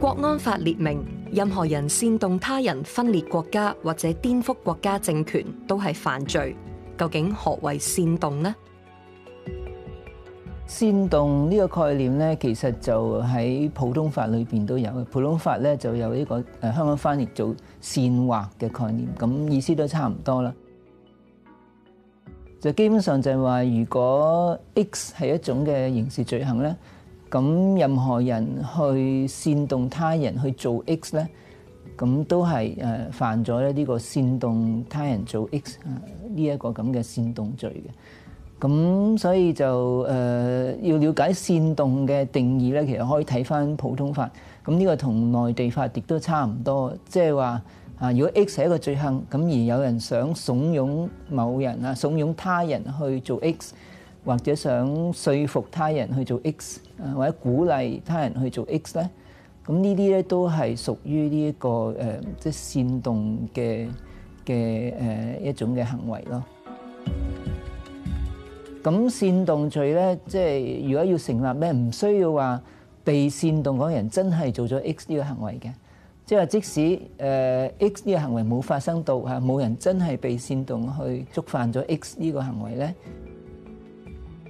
國安法列明，任何人煽動他人分裂國家或者顛覆國家政權都係犯罪。究竟何謂煽動呢？煽動呢個概念咧，其實就喺普通法裏邊都有。普通法咧就有呢個誒香港翻譯做煽惑嘅概念，咁意思都差唔多啦。就基本上就係話，如果 X 係一種嘅刑事罪行咧。咁任何人去煽動他人去做 X 呢，咁都係誒、呃、犯咗咧呢個煽動他人做 X 呢、啊、一個咁嘅煽動罪嘅。咁所以就誒、呃、要了解煽動嘅定義呢，其實可以睇返普通法。咁呢個同內地法亦都差唔多，即係話啊，如果 X 係一個罪行，咁而有人想慫恿某人啊、慫恿他人去做 X。或者想説服他人去做 X，或者鼓勵他人去做 X 呢，咁呢啲呢都係屬於呢一個誒即煽動嘅嘅誒一種嘅行為咯。咁煽動罪呢，即係如果要成立咩，唔需要話被煽動嗰人真係做咗 X 呢個行為嘅，即係即使誒 X 呢個行為冇發生到嚇，冇人真係被煽動去觸犯咗 X 呢個行為呢，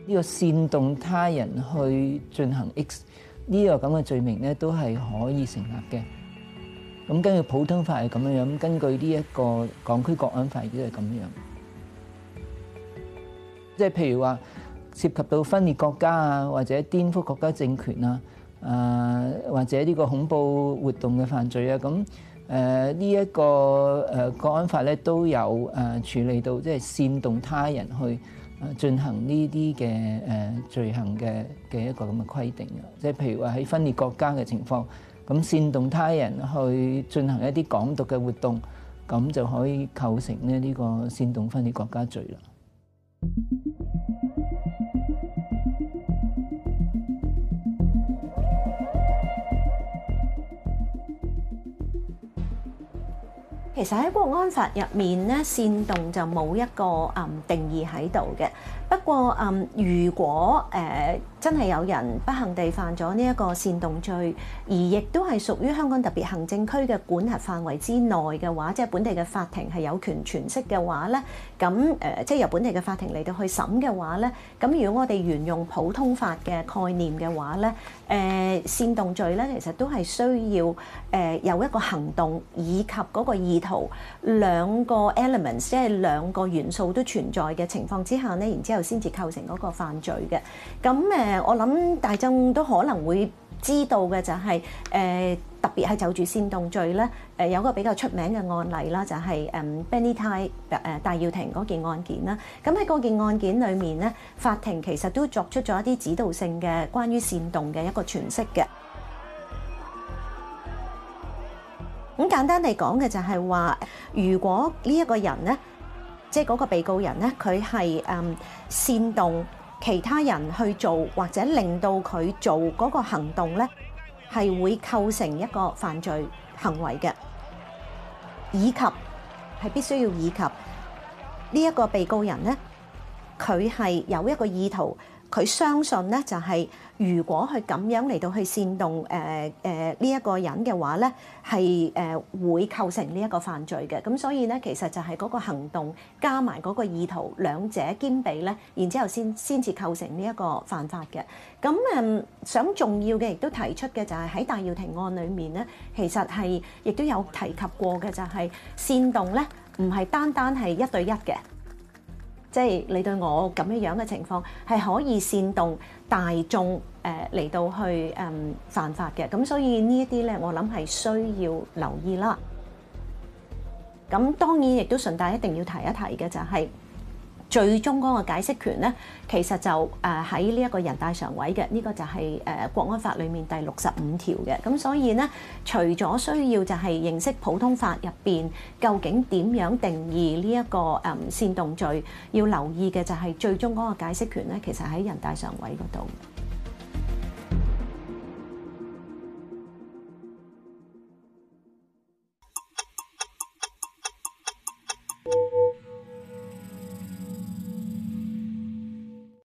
呢個煽動他人去進行 X 呢個咁嘅罪名咧，都係可以成立嘅。咁根據普通法係咁樣樣，咁根據呢一個港區國安法亦都係咁樣。即係譬如話涉及到分裂國家啊，或者顛覆國家政權啊，誒或者呢個恐怖活動嘅犯罪啊，咁誒呢一個誒國安法咧都有誒處理到，即係煽動他人去。啊！進行呢啲嘅誒罪行嘅嘅一個咁嘅規定啊，即係譬如話喺分裂國家嘅情況，咁煽動他人去進行一啲港獨嘅活動，咁就可以構成咧呢個煽動分裂國家罪啦。其實喺《國安法》入面咧，煽動就冇一個誒、嗯、定義喺度嘅。不過誒、嗯，如果誒，呃真係有人不幸地犯咗呢一個煽動罪，而亦都係屬於香港特別行政區嘅管轄範圍之內嘅話，即係本地嘅法庭係有權詮釋嘅話咧，咁誒、呃、即係由本地嘅法庭嚟到去審嘅話咧，咁如果我哋沿用普通法嘅概念嘅話咧，誒、呃、煽動罪咧其實都係需要誒、呃、有一個行動以及嗰個意圖兩個 elements 即係兩個元素都存在嘅情況之下咧，然之後先至構成嗰個犯罪嘅。咁誒、呃誒，我諗大眾都可能會知道嘅就係誒，特別係就住煽動罪咧，誒有個比較出名嘅案例啦，就係誒 Benny Tai 誒戴耀廷嗰件案件啦。咁喺嗰件案件裏面咧，法庭其實都作出咗一啲指導性嘅關於煽動嘅一個詮釋嘅。咁簡單嚟講嘅就係話，如果呢一個人咧，即係嗰個被告人咧，佢係誒煽動其他人去做或者令到佢做嗰個行動咧，係會構成一個犯罪行為嘅，以及係必須要，以及呢一個被告人咧，佢係有一個意圖。佢相信咧，就係如果佢咁樣嚟到去煽動誒誒呢一個人嘅話咧，係誒會構成呢一個犯罪嘅。咁所以咧，其實就係嗰個行動加埋嗰個意圖，兩者兼備咧，然之後先先至構成呢一個犯法嘅。咁誒想重要嘅，亦都提出嘅就係喺戴耀廷案裡面咧，其實係亦都有提及過嘅，就係煽動咧，唔係單單係一對一嘅。即係你對我咁樣樣嘅情況係可以煽動大眾誒嚟到去誒犯法嘅，咁所以呢一啲咧，我諗係需要留意啦。咁當然亦都順帶一定要提一提嘅就係。最終嗰個解釋權咧，其實就誒喺呢一個人大常委嘅，呢、這個就係誒《國安法》裏面第六十五條嘅。咁所以咧，除咗需要就係認識普通法入邊究竟點樣定義呢、這、一個誒、嗯、煽動罪，要留意嘅就係最終嗰個解釋權咧，其實喺人大常委嗰度。